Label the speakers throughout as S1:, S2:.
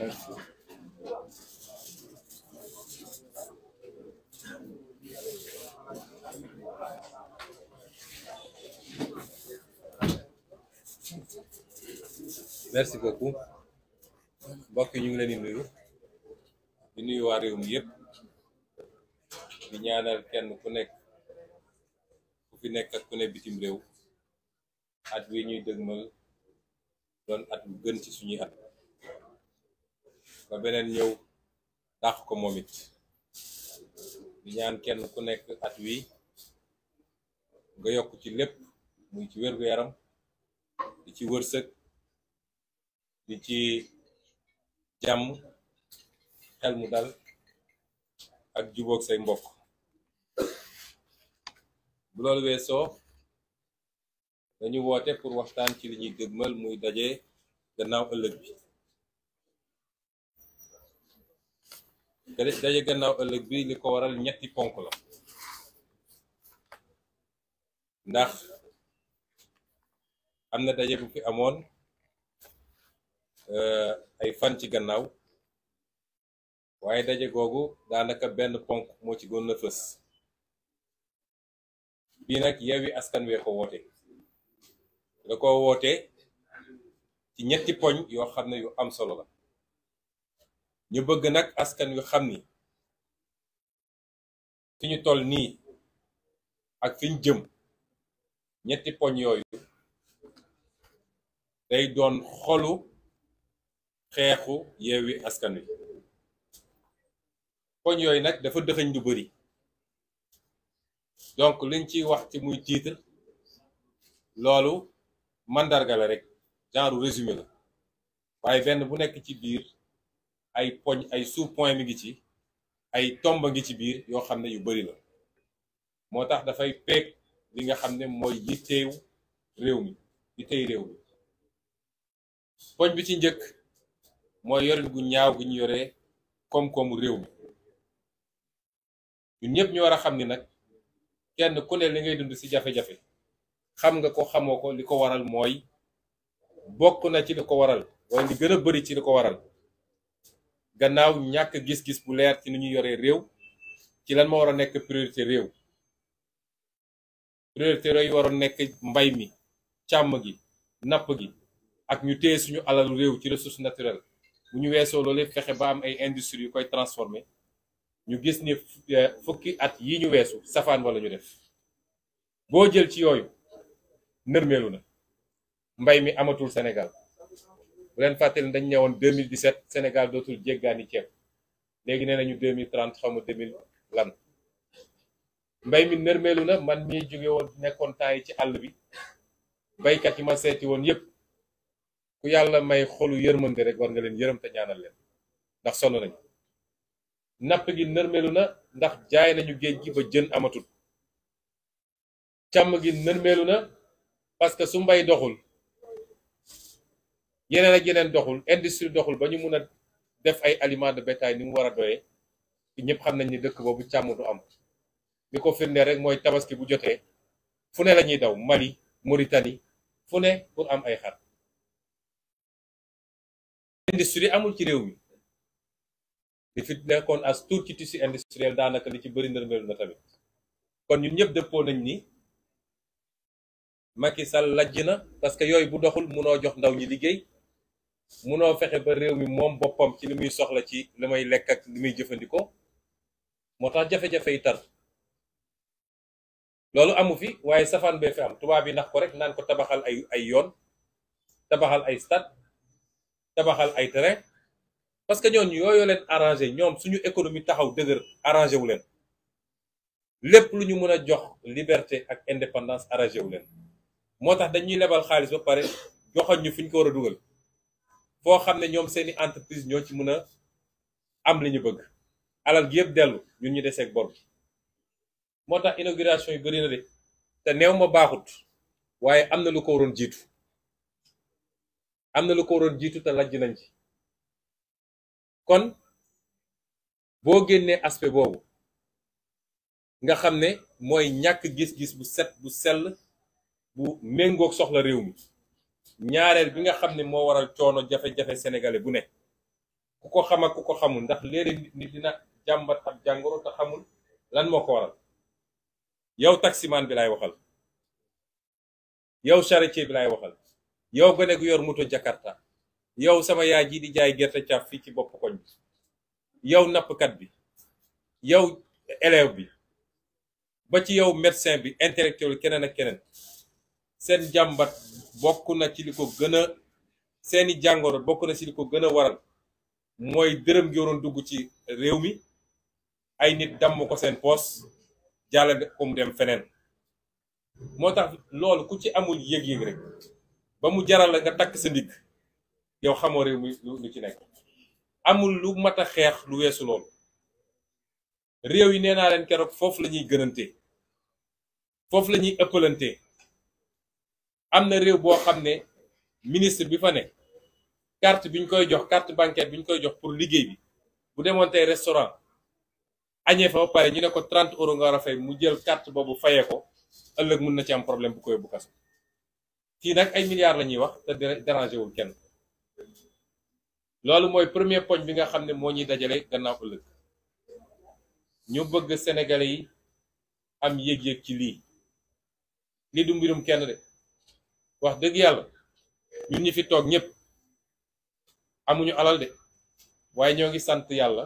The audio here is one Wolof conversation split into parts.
S1: Merci. Merci beaucoup ñu ngi leen di nuyu di nuyu waa réew mi yëpp di ñaanal kenn ku nekk ku fi nekk ak ku ne bitim réew at wi ñuy dëgmal doon at bu gën ci suñuy at ba beneen ñëw dàq ko moom it di ñaan kenn ku nekk at wi nga yokk ci lépp muy ci wér-gu-yaram di ci wërsëg li ci jàmm xel mu dal ak jubóog say mbokk bu loolu weesoo dañu woote pour waxtaan ci li ñuy dëgmal muy daje gannaaw ëllëg bi daje gannaaw ëllëg bi li ko waral ñetti ponk la ndax am na daje bu fi amoon eh, ay fan ci gannaaw waaye daje googu daanaka benn ponk moo ci gën a fës bii nag Yewwi Askan Wi ko woote da ko woote ci ñetti poñ yoo xam ne yu am solo la ñu bëgg nag askan wi xam ni fi tol nii ak fi jëm ñetti poñ yooyu day doon xolu xeexu yeewi askan wi poñ yooyu nag dafa dëxëñ lu bari donc liñ ciy wax ci muy titre loolu mandarga la rek genre résumé la waaye benn bu nekk ci biir ay poñ ay sous point mi ngi ci ay tomba ngi ci biir yoo xam ne yu bari la moo tax dafay peeg li nga xam ne mooy yitteew réew mi yittey réew mi poñ bi ci njëkk mooy yorin gu ñaaw gi ñu réew mi ñun ñëpp ñu war a xam ni nag kenn ku ne li ngay dund si jafe-jafe xam nga ko xamoo ko li ko waral mooy bokk na ci li ko waral wala li gën bari ci li ko waral gannaaw ñàkk gis-gis bu leer ci ni ñu yoree réew ci lan moo war a nekk priorité réew priorité réew yi waroon nekk mbay mi càmm gi napp gi ak ñu téye suñu alalu réew ci ressource naturel bu ñu weesoo loolu fexe ba am ay industrie yu koy transformé ñu gis ni eh, fukki at yi ñu weesu safaan wala ñu def boo jël ci yooyu nërmeelu na mbay mi amatul Sénégal bu leen fàttali dañ ñëwoon 2017 Sénégal dootul jéggaani ceeb léegi nee nañu 2030 xaw ma 2000 lan mbay mi nërmeelu na man mii jóge woon nekkoon temps yi ci àll bi baykat yi ma seeti woon yépp ku yàlla may xolu yërmande rek war nga leen yërëm te ñaanal leen ndax sonn nañu napp gi nërmeelu na ndax jaay nañu géej gi ba jën amatul càmm gi nërmeelu na parce que su mbay doxul yeneen ak yeneen doxul industrie doxul ba ñu mun a def ay aliments de bétail ni mu war a doyee ñëpp xam nañ ni dëkk boobu càmm du am li ko firnde rek mooy tabaski bu jotee fu ne la ñuy daw Mali Mauritanie fu ne pour am ay xar industrie amul ci réew mi li fi nekkoon as tuut ci tissu industriel daanaka li ci bëri ndërmelu na tamit kon ñu ñëpp dëppoo nañ ni Macky Sall lajj na parce que yooyu bu doxul mënoo jox ndaw ñi liggéey munoo fexe ba réew mi moom boppam ci li muy soxla ci li lekk ak li muy jëfandikoo moo tax jafe-jafe yi tar loolu amu fi waaye safaan bee fi am tubaab yi ndax ko rek naan ko tabaxal ay ay yoon tabaxal ay stade tabaxal ay terrain parce que ñooñu yooyu leen arrangé ñoom suñu économie taxaw dëgër arrangé wu leen lépp lu ñu mën a jox liberté ak indépendance arrangé wu leen moo tax dañuy lebal xaalis ba pare joxoñ ñu fi ñu ko war a dugal. foo xam ne ñoom seeni entreprise ñoo ci mën a am li ñu bëgg alal gi yëpp dellu ñun ñu deseeg bor bi moo tax inauguration yu bëri na de te neew ma baaxut waaye am na lu ko waroon jiitu am na lu ko waroon jiitu te lajj nañ ci kon boo génnee aspect boobu nga xam ne mooy ñàkk gis-gis bu set bu sell bu méngoog soxla réew mi ñaareel bi nga xam ne moo waral coono jafe-jafe sénégalais bu ne ku ko xam ak ku ko xamul ndax léeg nit dina jàmbat ab jàngoro te xamul lan moo ko waral yow taximaan bi lay waxal yow charretier bi laay waxal yow gone gu yor muto jakarta yow sama yaay ji di jaay gerte caaf fii ci bopp koñ bi yow nappkat bi yow élève bi ba ci yow médecin bi intellectuel keneen ak keneen seen jàmbat bokk na ci li ko gën a seeni jàngoro bokk na ci li ko gën a waral mooy dërëm gi waroon dugg ci réew mi ay nit damm ko seen poos jàllale ko mu dem feneen moo tax loolu ku ci amul yëg-yëg rek ba mu jaral la nga takk sa ndigg yow xamoo réew mi lu ci nekk amul lu mat a xeex lu weesu loolu réew yi nee naa leen keroog foofu la ñuy gënante foofu la ñuy ëppalante am na réew boo xam ne ministre bi fa nekk carte bi ñu koy jox carte bancaire bi ñu koy jox pour liggéey bi bu demoon tey restaurant añee fa ba pare ñu ne ko 30 euros nga war fay mu jël carte boobu fayee ko ëllëg mun na ci am problème bu koy bu kaso fii nag ay milliards la ñuy wax te dérangé wul kenn loolu mooy premier poñ bi nga xam ne moo ñuy dajale gannaaw ëllëg ñu bëgg sénégalais yi am yëg-yëg ci lii lii du mbirum kenn de. wax dëgg yàlla ñun ñi fi toog ñëpp amuñu alal de waaye ñoo ngi sant yàlla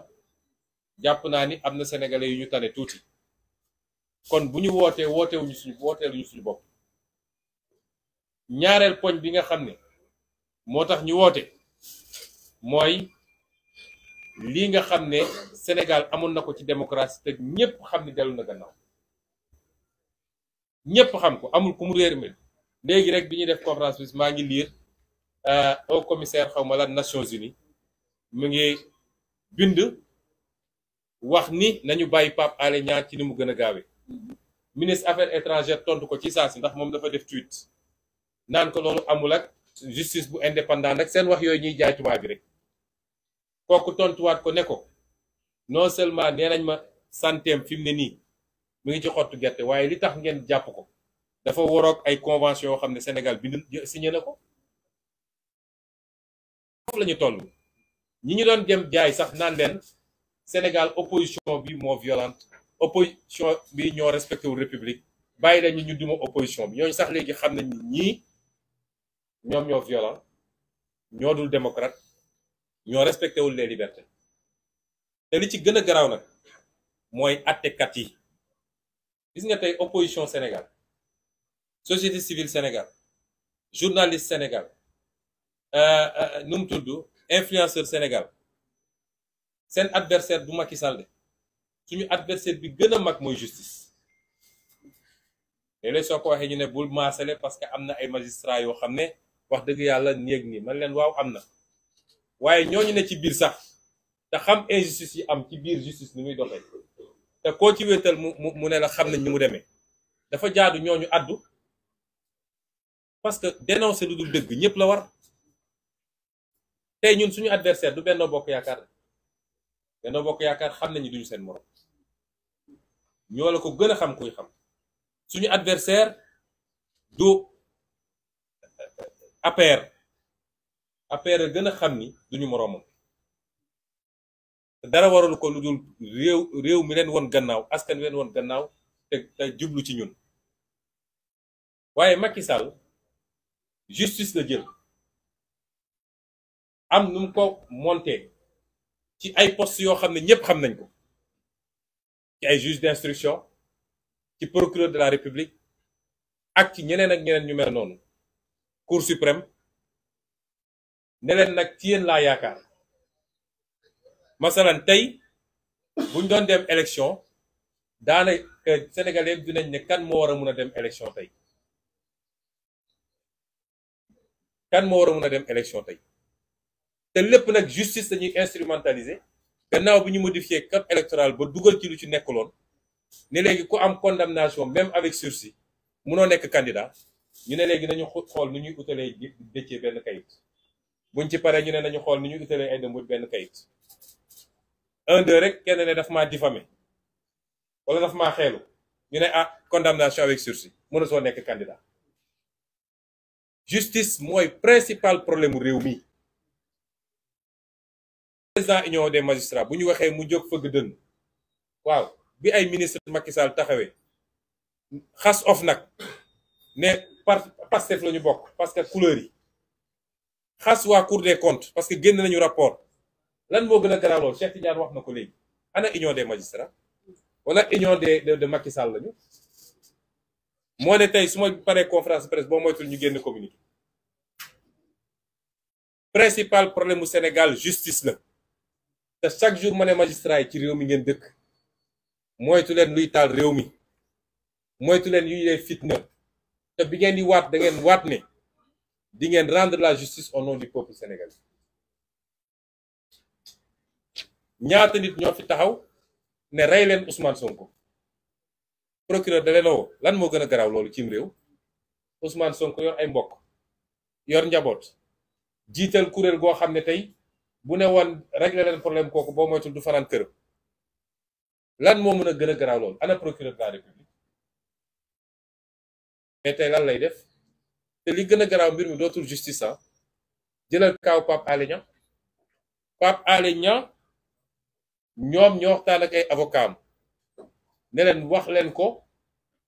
S1: jàpp naa ni am na sénégalais yu ñu tane tuuti kon bu ñu wootee wootewuñu suñu wooteeluñu suñu bopp ñaareel poñ bi nga xam ne moo tax ñu woote mooy lii nga xam ne senegal amoon na ko ci démocratie te ñëpp xam ni dellu na gannaaw ñëpp xam ko amul ku mu réer mel léegi rek bi ñuy def conférence bi maa ngi liir euh, au commissaire xaw ma la Nations Unies mu ngi bind wax ni nañu bàyyi Pape Alé Niang ci ni mu gën a gaawee ministre affaire étrangères tontu ko ci saa si ndax moom dafa def tweet naan ko loolu amul ak justice bu indépendant rek seen wax yooyu ñuy jaay tubaab bi rek kooku tontuwaat ko ne ko non seulement nee nañ ma santeem fi mu ne nii mu ngi ci xottu gerte waaye li tax ngeen jàpp ko. dafa waroog ay convention yoo xam ne Sénégal bind signé na ko foofu la ñu toll ñi ñu doon dem jaay sax naan leen Sénégal opposition bi moo violente opposition bi ñoo respecté wu république bàyyi nañu ñu duma opposition bi ñooñu sax léegi xam na ñii ñoom ñoo violent ñoo dul démocrate ñoo respecté wul les te li ci gën a garaaw nag mooy attekat yi gis nga tey opposition Sénégal société civile Sénégal journaliste Sénégal euh, euh, nu mu tudd influenceur Sénégal seen adversaire du Macky Sall de suñu adversaire bi gën a mag mooy justice léeg-léeg soo ko waxee ñu ne bul maasale parce que am na ay magistrats yoo xam ne wax dëgg yàlla néeg nii man leen waaw am na waaye ñoo ñu ne ci biir sax te xam injustice yi am ci biir justice ni muy doxee te koo ci wéetal mu mu ne la xam nañ ni mu demee dafa jaadu ñooñu addu parce que dénoncer lu dul dëgg ñëpp la war tey ñun suñu adversaire du Benno Bokk Yaakaar Benno Bokk Yaakaar xam nañu duñu seen morom ñoo la ko gën a xam kuy xam suñu adversaire du APR APR a gën a xam ni duñu moroomam dara warul ko lu dul réew réew mi leen woon gannaaw askan wi leen woon gannaaw te jublu ci ñun waaye Macky Sall justice la jël am nu ko monté ci ay postes yoo xam ne ñëpp xam nañ ko ci ay juge d'instruction ci procureur de la république ak ci ñeneen ak ñeneen ñu mer noonu cour suprême ne leen nag ci yéen laa yaakaar masalan tey buñ doon dem élection daanaka sénégalais dinañ ne kan moo war a mun a dem élection tey kan moo war a mun a dem élection tey te lépp nag justice dañuy instrumentaliser gannaaw bi ñu modifié code électoral ba dugal ci lu ci nekkuloon ni léegi ku am condamnation même avec sursis munoo nekk candidat ñu ne léegi nañu xool nu ñuy utalee déccee benn kayit buñ ci paree ñu ne nañu xool nu ñuy utalee ay dëmbut benn kayit un deux rek kenn ne daf maa diffamé wala daf maa xeelu ñu ne ah condamnation avec sursis mëna soo nekk candidat justice mooy principal problème mu réew mi président union des magistrats bu ñu waxee mu jóg fëgg dënn waaw bi ay ministre Macky Sall taxawee xas of nag ne par Pastef la ñu bokk parce que couleur yi xas waa cour de comptes parce que génn nañu rapport lan moo gën a garaaw lool Cheikh Tidiane wax na ko léegi ana union des magistrats wala union des de Macky Sall lañu moo ne tey su ma paree conférence de presse boo moytul ñu génn communiqué principal problème mu Sénégal justice la te chaque jour ma ne magistrat yi ci réew mi ngeen dëkk moytu leen luy taal réew mi moytu leen yuy lay fitna te bi ngeen di waat da ngeen waat ne di ngeen rendre la justice au nom du peuple sénégalais ñaata nit ñoo fi taxaw ne rey leen Ousmane Sonko. procureur da leen woo lan moo gën a garaaw loolu cim réew Ousmane Sonko yor ay mbokk yor njaboot jiital kuréel goo xam ne tey bu ne woon régler leen problème kooku boo moytul du fanaan kër lan moo mën a gën a garaaw loolu ana procureur de la république mais tey lan lay def te li gën a garaaw mbir mi dootul justice ah jëlal kaaw Pape Alé Niang Pape Alé ñoom ñoo waxtaan ay avocat am ne leen wax leen ko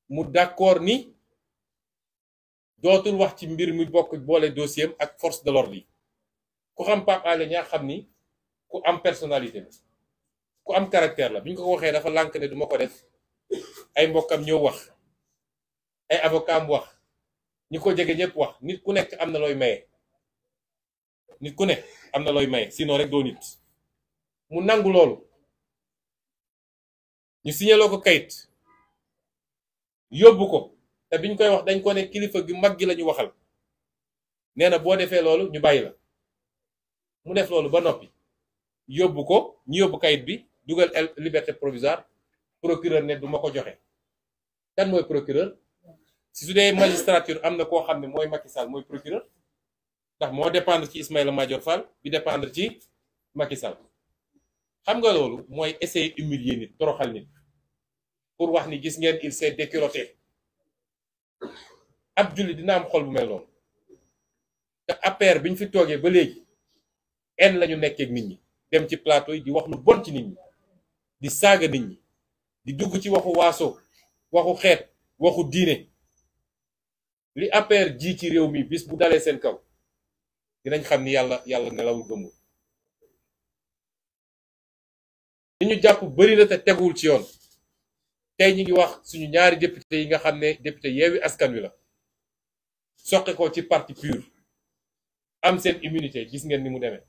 S1: mu d'accord ni dootul wax ci mbir mi bokk boole dossier ak force de l'ordre yi ku xam Pape Alé Niang xam ni ku am personnalité la ku am caractère la bi ñu ko waxee dafa lànk ne duma ko def ay mbokkam ñëw wax ay avocat am wax ñi ko jege ñëpp wax nit ku nekk am na looy maye nit ku nekk am na looy maye sinon rek doo nit mu nangu loolu ñu signaloo ko kayit yóbbu ko te biñ koy wax dañ ko ne kilifa gi mag gi la ñu waxal nee na boo defee loolu ñu bàyyi la mu def loolu ba noppi yóbbu ko ñu yóbbu kayit bi dugal liberté provisoire procureur ne du ma ko joxe kan mooy procureur si su dee magistrature am na koo xam ne mooy Macky Sall mooy procureur ndax moo dépendre ci Ismaïla Madior Fall bi dépendre ci Macky Sall xam nga loolu mooy essayer humilier nit toroxal nit pour wax ni gis ngeen il s'est déculotté ab julli dina am xol bu mel noonu te APR bi fi toogee ba léegi en la ñu nekkee nit ñi dem ci plateau yi di wax lu bon ci nit ñi di saaga nit ñi di dugg ci waxu waaso waxu xeet waxu diine li APR ji ci réew mi bis bu dalee seen kaw dinañ xam ni yàlla yàlla nelawul gëmul li ñu jàpp bari na te teguwul ci yoon tey ñu ngi wax suñu ñaari député yi nga xam ne député yeewi askan wi la soqe ci parti pur am seen immunité gis ngeen ni mu demee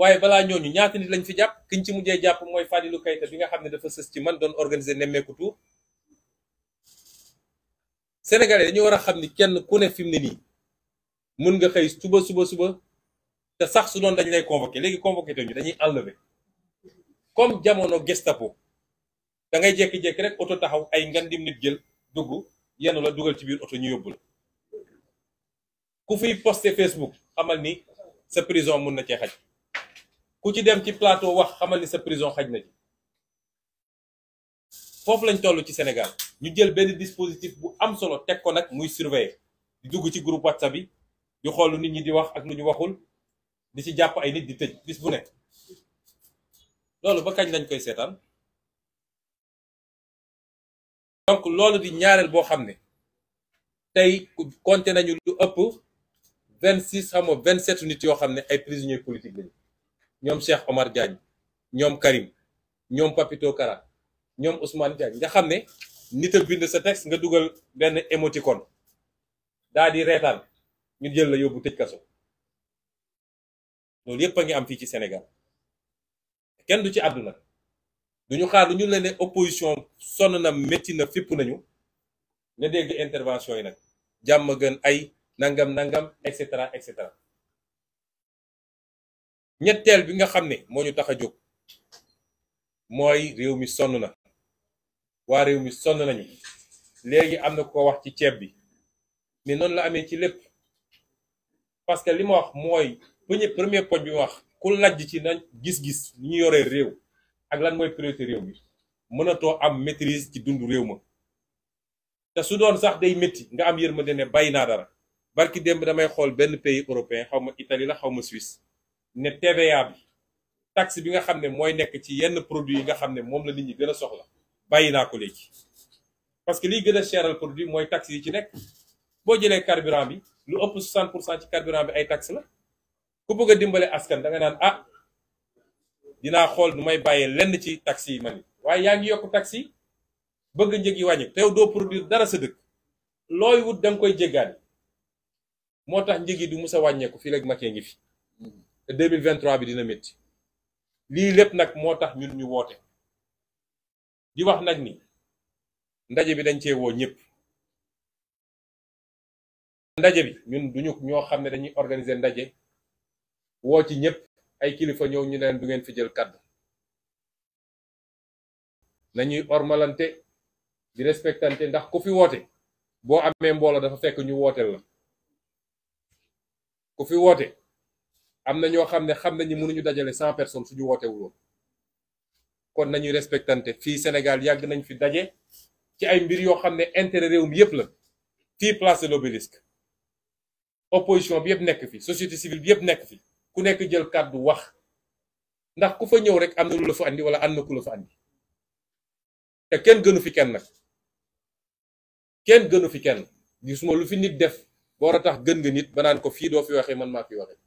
S1: waaye balaa ñooñu ñaata nit lañ fi jàpp kiñ ci mujjee jàpp mooy Fadilou Keita bi nga xam ne dafa sës ci man doon organiser nemmeeku tour Sénégalais dañu war a xam ni kenn ku ne fi ne nii mun nga xëy suba suba suba te sax su doon dañ lay convoqué léegi convoqué te ñu dañuy enlever. comme jamono gestapo da ngay jékki rek oto taxaw ay ngandim nit jël dugg yenn la dugal ci biir oto ñu yóbbu la ku fiy posté Facebook xamal ni sa prison mun na cee xaj ku ci dem ci plateau wax xamal ni sa prison xaj na ci foofu lañ toll ci Sénégal ñu jël benn dispositif bu am solo teg ko nag muy surveiller di dugg ci groupe WhatsApp bi ñu xool nit ñi di wax ak lu ñu waxul di ci jàpp ay nit di tëj bis bu nekk. loolu ba kañ lañ koy seetaan donc loolu di ñaareel boo xam ne tey compté nañu lu ëpp vingt six xam vingt sept nit yoo xam ne ay prisonniers politiques lañu ñoom Cheikh Omar Diagne ñoom Karim ñoom Papito Kara ñoom Ousmane Diagne nga xam ne nit a bind sa texte nga dugal benn émoticône daa di reetaan ñu jël la yóbbu tëj kaso loolu yëpp a ngi am fii ci senegal kenn du ci àdduna duñu xaar lu ñu leen ne opposition sonn na métti na fipp nañu nga dégg intervention yi nag jàmm gën ay nangam nangam et cetera et cetera ñetteel bi nga xam ne moo ñu tax a jóg mooy réew mi sonn waa réew mi sonn nañu léegi am na ko wax ci ceeb bi mais noonu la amee ci lépp parce que li ma wax mooy premier premier bi ma wax ku lajj ci nañ gis-gis ni ñu yoree réew ak lan mooy priorité réew mi mënatoo am maîtrise ci dundu réew ma te su doon sax day métti nga am ma ne bàyyi naa dara barki démb damay xool benn pays européen xaw ma Italie la xaw ma Suisse ne TVA bi taxe bi nga xam ne mooy nekk ci yenn produit yi nga xam ne moom la nit ñi gën a soxla bàyyi naa ko léegi parce que liy gën a cheral produit mooy taxe yi ci nekk boo jëlee carburant bi lu ëpp 60 pour cent ci carburant bi ay taxe la ku bëgg a dimbale askan da naan a ah, dinaa xool nu may bàyyee lenn ci taxi yi man waaye yaa ngi yokk taxi bëgg njëg yi wàññi teew doo produire dara sa dëkk looy wut da nga koy jéggaani moo tax njëg yi du mus wàññeeku fi rek Macky ngi fi te 2023 bi dina metti lii lépp nag moo tax ñun ñu woote di wax nag ni ndaje bi dañ cee woo ñëpp ndaje bi ñun duñu ñoo xam ne dañuy organiser ndaje woo ci ñëpp ay kilifa ñëw ñu neen du ngeen fi jël kàdd nañuy ormalante di respectante ndax ku fi woote boo amee mbooloo dafa fekk ñu wooteel la ku fi woote am na ñoo xam ne xam nañu mënuñu dajale cent personne suñu wootewul woon kon nañuy respectante fii Sénégal yàgg nañu fi daje ci ay mbir yoo xam ne intérêt réew mi yëpp la fii place de opposition bi yëpp nekk fi société civile bi yëpp nekk fi ku nekk jël kàddu wax ndax ku fa ñëw rek am na lu la fa andi wala am na ku la fa andi te kenn gënu fi kenn nag kenn gënu fi kenn gisuma lu fi nit def ba war a tax gën nga nit ba naan ko fii doo fi waxee man maa fi waxee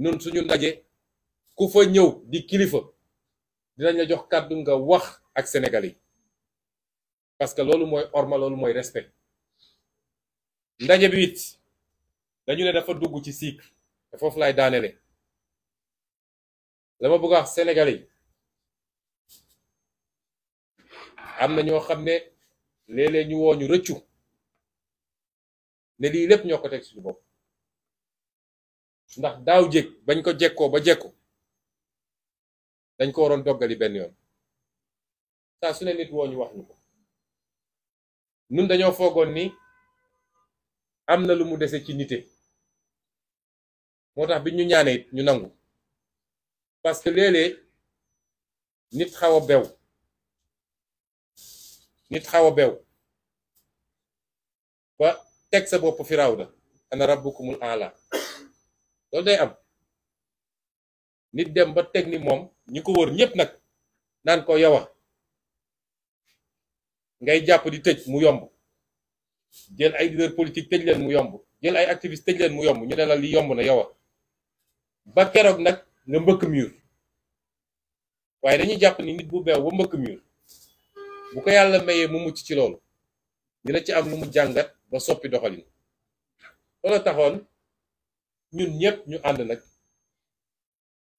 S1: nun suñu ndaje ku fa ñëw di kilifa dinañ la jox kàddu nga wax ak Sénégalais yi parce que loolu mooy orma loolu mooy respect ndaje bi it dañu ne dafa dugg ci cycle. te foofu laay daanele la ma bëgg am na ñoo xam ne léeg-léeg ñu woo ñu rëccu ne lii lépp ñoo ko teg suñu bopp ndax daaw jéeg bañ ko jekkoo ba jekko dañ ko waroon doggali benn yoon saa su ne nit woo ñu wax ñu ko nun dañoo foogoon ni am na lu mu desee ci nite moo tax bi ñu ñaanee it ñu nangu parce que léeg nit xaw a bew nit xaw a bew ba teg sa bopp firawna ana rabbukumul aala loolu day am nit dem ba teg ni moom ñi ko wër ñépp nag naan ko yowa ngay jàpp di tëj mu yomb jël ay leader politique tëj leen mu yomb jël ay activiste tëj leen mu yomb ñu ne la yomb na yowa ba keroog nag nga mbëkk mur waaye dañuy jàpp ni nit bu beew ba mbëkk mur bu ko yàlla mayee mu mucc ci loolu dina ci am lu mu jàngat ba soppi doxalin loolu taxoon ñun ñépp ñu ànd nag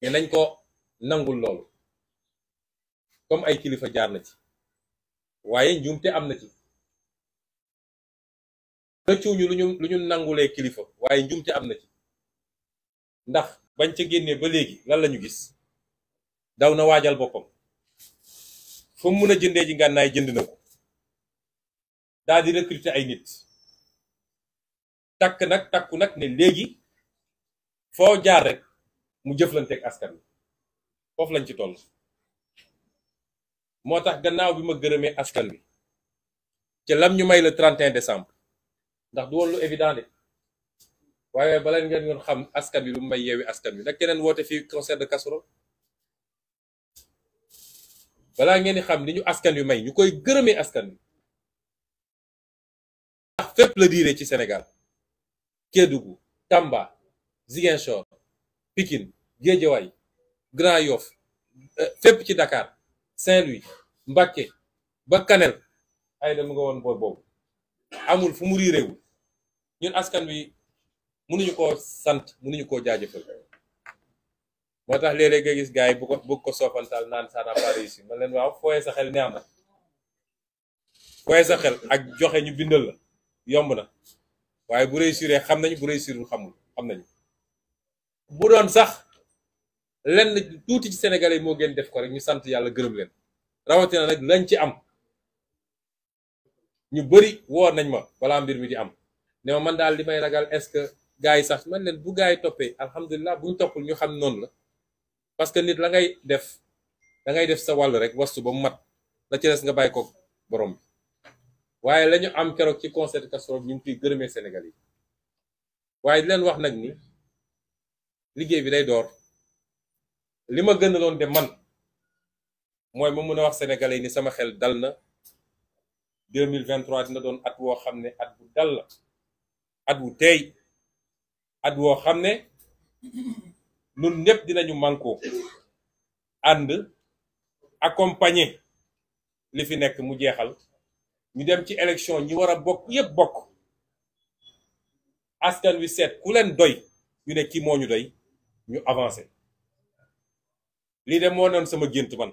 S1: ne nañ ko nangul loolu comme ay kilifa jaar na ci waaye njuumte am kilifa waaye njuumte am na ci ndax bañ ca génnee ba léegi lan lañu gis daw na waajal boppam foo mun a jëndee ji ngànnaay jënd na ko daal di recruter ay nit takk nag takku nag ne léegi foo jaar rek mu jëflanteeg askan wi foofu lañ ci toll moo tax gannaaw bi ma gërëmee askan wi ci lam ñu may le 31 décembre ndax du woon évident de waaye bala ngeen doon xam askan bi lu mu may yeewi askan bi nag keneen woote fii concert de casserole balaa ngeen xam li ñu askan yu may ñu koy gërëmee askan bi ndax fépp la diire ci Sénégal Kédougou Tamba Ziguinchor Pikine Guédiawaye Grand Yoff euh, fépp ci Dakar Saint-Louis Mbacké ba Kanel ay dem nga woon boor boobu amul fu mu riireewul ñun askan wi nu ñu koo sant mënuñu koo jaajëfal moo tax léeg-léeg gis gars yi bu ko bëgg ko soppantal naan ça n'a pas réussi man leen waaw fooyee sa xel neex na fooyee sa xel ak joxe ñu bindal la yomb na waaye bu réussir xam nañu bu réussirul xamul xam nañu bu doon sax lenn tuuti ci Sénégalais yi moo gën def ko rek ñu sant yàlla gërëm leen rawatina nag lañ ci am ñu bëri woor nañ ma balaa mbir mi di am ne ma man daal li may ragal est gars yi sax man leen bu gars yi toppee alhamdulilah buñ ñu toppul ñu xam noonu la parce que nit la ngay def da ngay def sa wàll rek wastu ba mu mat la ci des nga bàyyi ko boroom bi waaye lañu am keroog ci concert casserole ñu ngi koy gërëmee senegal yi waaye leen wax nag ni liggéey bi day door li ma gën a loon de man mooy ma mën a wax senegal yi ni sama xel dal na 2023 dina doon at woo xam ne at bu dal la at wu tey at woo xam ne nun ñëpp dinañu mànkoo ànd accompagner li fi nekk mu jeexal ñu dem ci élection ñi war a bokk yépp bokk askan wi seet ku leen doy ñu ne kii moo ñu doy ñu avancé lii de moo doon sama gént man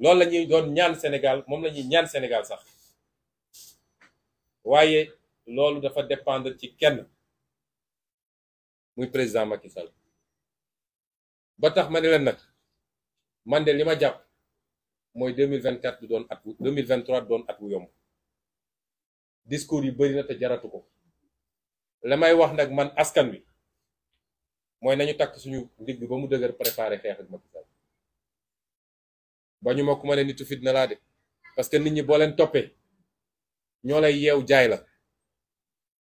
S1: loolu la ñuy doon ñaan Sénégal moom lañuy ñaan Sénégal sax waaye loolu dafa dépendre ci kenn muy président Macky Sall ba tax ma ne leen nag man de li ma jàpp mooy deux mille vingt quatre du doon at wu mille vingt trois du doon at wu yomb discours yi bëri na te jaratu ko la may wax nag man askan wi mooy nañu takk suñu ndigg ba mu dëgër préparé xeex ak Macky ba ñu ma ma ne nitu fitna laa de parce que nit ñi boo leen toppee ñoo lay yeew jaay la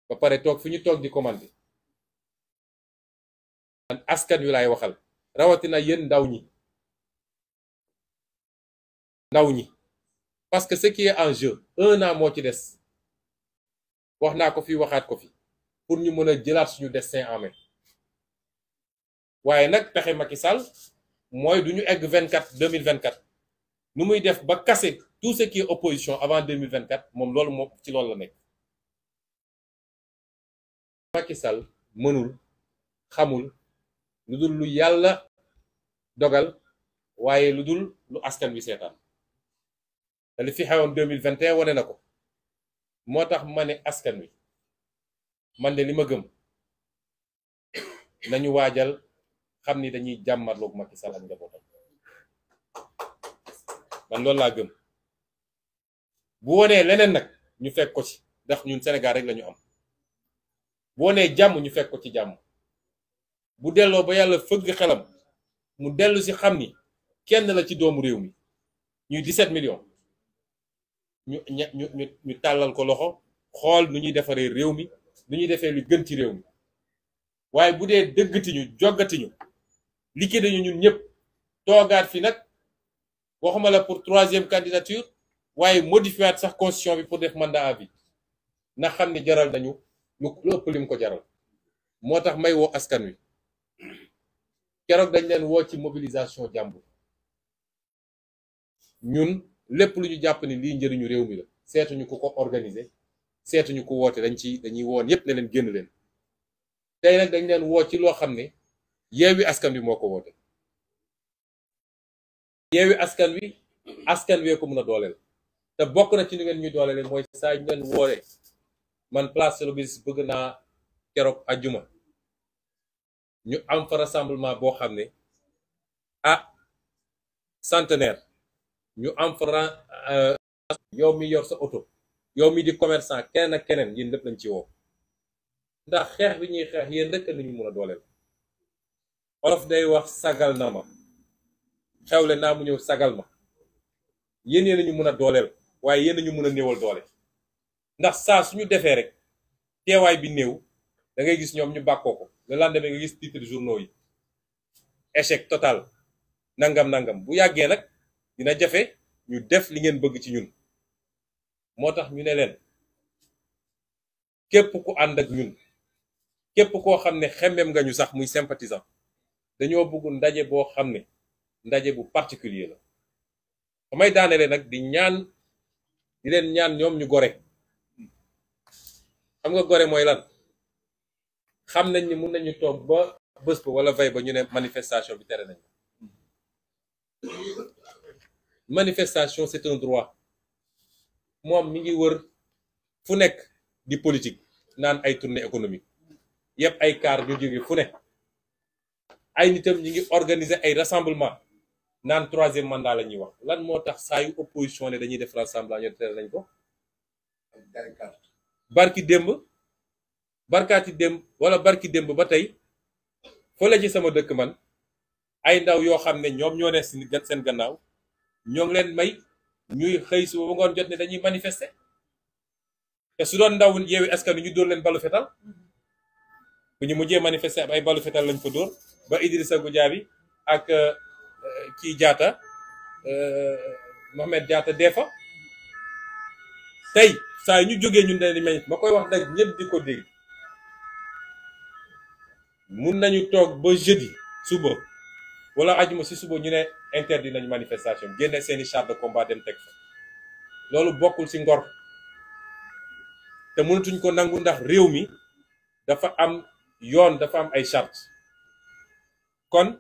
S1: ba pare toog fi ñu toog di commandé. ak askan wi lay waxal rawatina yéen ndaw ñi ndaw ñi parce que ce en jeu un moo ci des wax naa ko fi waxaat ko fi pour ñu mën a jëlaat suñu destin en main waaye nag pexe Macky Sall mooy du ñu egg 24 2024 nu muy def ba casser tout ce qui est opposition avant 2024 moom loolu moo ci loolu la nekk Macky Sall mënul xamul lu dul lu yàlla dogal waaye lu dul lu askan wi seetaan te li fi xewoon 2021 wane na ko moo tax mane ne askan wi man de li ma gëm nañu waajal xam ni dañuy jàmmarloog Macky Sall ak njabootam man loolu laa gëm bu wonee leneen nag ñu fekk ko ci ndax ñun senegal rek lañu am bu wonee jàmm ñu fekk ko ci jàmm bu delloo ba yàlla fëgg xelam mu dellu si xam ni kenn la ci doomu réew mi ñuy 17 millions ñu ñu ñu ñu tàllal ko loxo xool nu ñuy defaree réew mi nu ñuy defee lu gën ci réew mi waaye bu dee dëggatiñu joggatiñu liggéey dañu ñun ñëpp toogaat fi nag waxuma la pour troisième candidature waaye modifié sax constitution bi pour def mandat à vie na xam ni jaral nañu lu ëpp lim ko jaral moo tax may woo askan wi. keroog dañ leen woo ci mobilisation jàmbur ñun lépp lu ñu jàpp ni lii njëriñu réew mi la seetuñu ku ko organiser seetuñu ko woote dañ ci dañuy woon yépp ne leen génn leen tey nag dañ leen woo ci loo xam ne yeewi askan wi moo ko woote yeewi askan wi askan wee ko mën a dooleel te bokk na ci ni ngeen ñuy dooleele mooy saa ñu leen woore man place de l'Obélisque bëgg naa keroog ajjuma ñu am fa rassemblement boo xam ne ah centenaire ñu am fa euh, yow mi yor sa oto yow mi di commerçant keneen ak keneen yéen lépp lañ ci woo ndax xeex bi ñuy xeex yéen rek la mun a dooleel olof day wax sagal na ma xewle naa mu ñëw sagal ma yéen yéen ñu mun a dooleel waaye yéen ñu mun a néewal doole ndax saa suñu defee rek teewaay bi néew. dangay gis ñoom ñu bàkkoo la le lendemain nga gis titre journaux yi échec total nangam nangam bu yàggee nag dina jafe ñu def li ngeen bëgg ci ñun moo tax ñu ne leen képp ku ànd ak ñun képp koo xam ne xemmem nga ñu sax muy sympathisant dañoo bëgg ndaje boo xam ne ndaje bu particulier la samay daanele nag di ñaan di leen ñaan ñoom ñu gore xam nga gore mooy lan xam nañ ni mun nañu toog ba bës ba wala vey ba ñu ne manifestation bi tere nañ manifestation c'est un droit moom mi ngi wër fu nekk di politique naan ay tournée économique yëpp ay car ñu jóge fu nekk ay nitam ñi ngi organiser ay rassemblement naan troisième mandat la ñuy wax lan moo tax saa yu opposition ne dañuy def rassemblement ñu tere nañ ko barki démb barkaati démb wala barki démb ba tey fële ci sama dëkk man ay ndaw yoo xam ne ñoom ñoo ne seen gannaaw ñoo ngi leen may ñuy xëy suba ba ngoon jot ne dañuy manifester te su doon ndaw yeewi askan ñu dóor leen balu fetal bu ñu mujjee manifester ab ay balu fetal lañ ko dóor ba Idrissa Goudiaby ak euh, euh, kii Diatta euh, Mohamed Diatta dee fa tey saa ñu jógee ñun dañuy may ma koy wax nag ñëpp di ko dégg. mun nañu toog ba jeudi suba wala ajuma si suba ñu ne interdit nañu manifestation bi génne seeni char de combat dem teg fa loolu bokkul ci ngor te mënatuñ ko nangu ndax réew mi dafa am yoon dafa am ay charte kon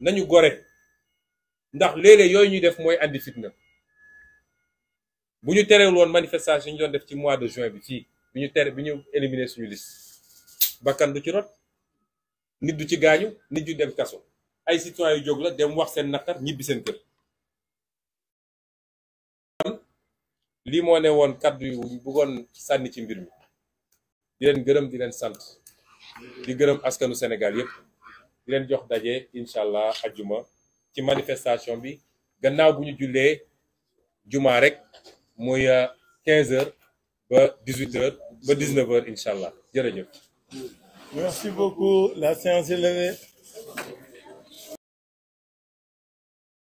S1: nañu gore ndax léeg-léeg yooyu ñuy def mooy andi fitna bu ñu terewul woon manifestation ñu doon def ci mois de juin bi fii bi ñu tere bi ñu éliminer suñu liste bakkan du ci rot nit du ci gaañu nit du dem kaso ay citoyen yu jóg la dem wax seen naqar ñibbi seen kër lii moo ne woon kàddu yu bëggoon sànni ci mbir mi di leen gërëm di leen sant di gërëm askanu senegal yépp di leen jox daje incha allah ajuma ci manifestation bi gannaaw bu ñu jullee jumaa rek muy 15 euh, heures ba 18 heures ba 19 heures allah jërëjëf Merci beaucoup. La séance est levée.